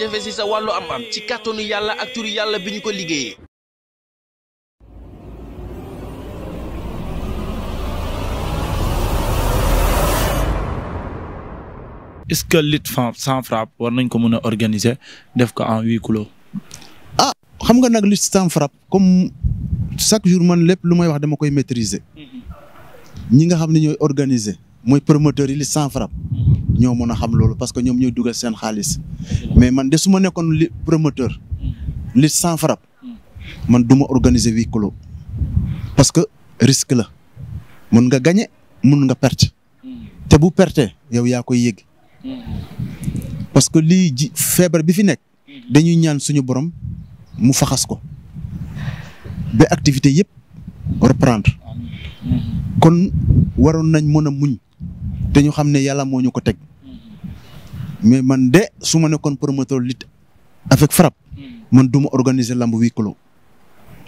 jafe si sa wàllu am-am ci kàttanu yàlla ak turu yàlla bi ñu ko liggéeyee. est-ce que lutte sans frappe war nañ ko mën a organiser def ko en huis clos. ah xam nga nag lutte sans frappe comme chaque jour man lépp lu may wax dama koy maîtriser. Mhm. ñi nga xam ne ñooy organiser mooy promoteurs yi lutte sans frappe. Mhm. ñoo mën a xam loolu parce que ñoom ñoo dugal seen xaalis mais man de su ma nekkoon li promoteur li sans frappe man duma ma organiser huis clos parce que risque la mun nga gañe mun nga perte te bu perte yow yaa koy yëg parce que lii ji feebar bi fi nekk dañuy ñaan suñu borom mu faxas ko ba activité yëpp reprendre kon waroon nañ mën a muñ te ñu xam ne yàlla moo ñu ko teg mais man de suma ma nekkoon promoteur lutte avec frappe hmm. man du ma organiser lamb huis clos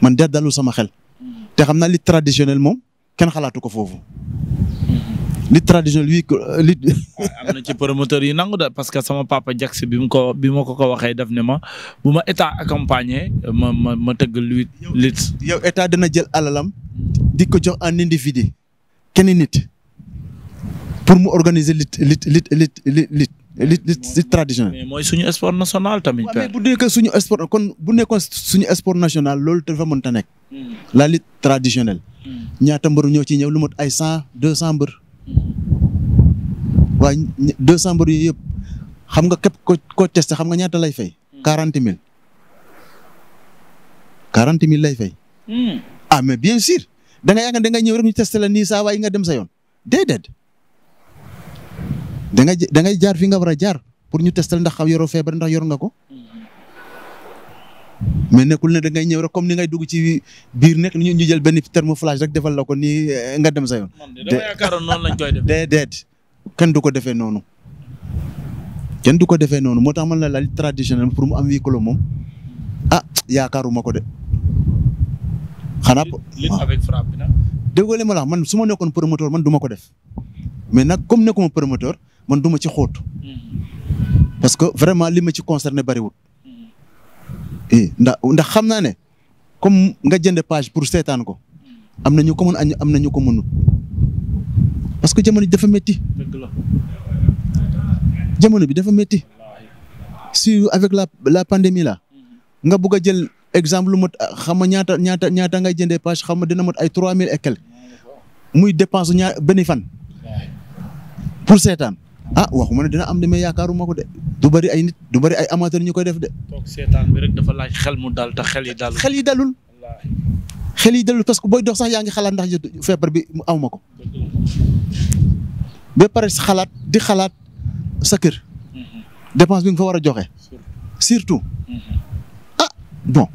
man de dalu sama xel hmm. te xam na lutte traditionnelle moom kenn xalaatu ko foofu. Hmm. lutte traditionnelle huis clos euh, lutte. am na ci promoteur yi nangu da parce que sama papa Jax bi ko bi ma ko ko waxee daf ne ma bu ma état accompagné ma ma ma tëggal lutte lutte. yow état dana jël alalam di ko jox en individu kenn nit mu organiser lutte lutte lutte lutte. li li tradition mooy suñu sport national tamit. mais bu dee suñu sport kon bu nekkoon suñu sport national loolu dafa mënta nekk. Hmm. la lutte traditionnelle. Hmm. ñaata mbër ñoo ci ñëw lu mot ay cent deux cent mbër. Hmm. waaye deux yooyu yëpp xam nga képp ko ko xam nga ñaata lay fay. quarante mille. quarante mille lay fay. ah mais bien sûr da nga nga ñëw rek ñu testé la nii saa waaye nga dem sa yoon déedéet. da ngay da ngay jaar fi nga war a jaar pour ñu testal ndax xaw yoroo feebar ndax yor nga ko. mais nekkul ne da ngay ñëw rek comme ni ngay dugg ci biir nekk ñu ñu jël benn thermoflage rek defal la ko ni eh, nga dem sa yoon. dama yaakaaroon noonu lañ koy def déedéet kenn du ko defee noonu. kenn du ko defee noonu moo tax man la laaj traditionnel pour mu am huis clos moom ah yaakaaruma ko de. xanaa ah. déggoo ma la man su ma nekkoon promoteur man du ma ko def mais nag comme nekkuma promoteur. man duma ma ci xóot parce que vraiment li ma ci concerné bariwul ndax ndax xam naa ne comme nga jënd page pour seetaan ko am na ñu ko am na ko mënut parce que jamono bi dafa métti jamono bi dafa métti si avec la la pandémie là nga bugg a jël exemple lu mot xam nga ñaata ñaata ñaata ngay jëndee page xam nga dina mot ay trois mille et muy dépense ñaar benn fan seetaan ah waxuma ne dina am de mais yaakaaruma ko de du bëri ay nit du bëri ay amateur ñu koy def de. toog dafa laaj xel mu dal te xel yi dalul. xel yi dalul xel yi dalul parce que booy dox sax yaa ngi xalaat ndax feebar bi amuma ko. ba pare xalaat di xalaat sa kër. Mm-hmm. dépense bi fa war a joxe. surtout. Mm-hmm. ah bon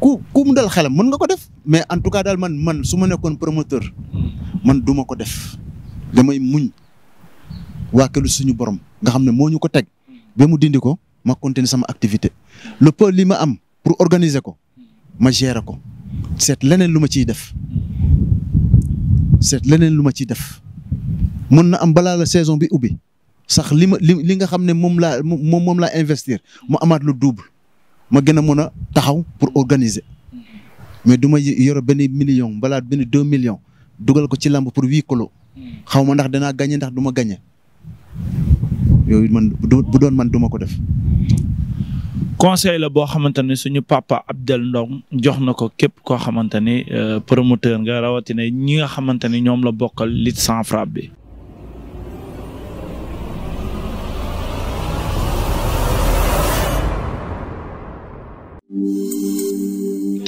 ku ku mu dal xelam mën nga ko def. mais en tout cas daal man man su ma nekkoon promoteur. Mm-hmm. man duma ko def. damay muñ. wàkkilu suñu borom nga xam ne moo ñu ko teg ba mu dindi ko ma continuer sama activité le peu ma am pour organiser ko ma gérer ko seet leneen lu ma ciy def seet leneen lu ma ciy def mun na am balaa la saison bi ubbi sax li ma li li nga xam ne moom laa moom moom laa investir mu amaat lu double ma gën a mën a taxaw pour organiser mais du ma yore benn million balaa benn deux million dugal ko ci làmb pour huis clos xaw ma ndax danaa gagné ndax du ma gagné yooyu man bu doon man duma ko def. conseil la boo xamante ne suñu papa Abdel Ndong jox na ko képp koo xamante ni euh, promoteur nga rawatina ñi nga xamante ni ñoom la bokkal lutte sans frappe bi.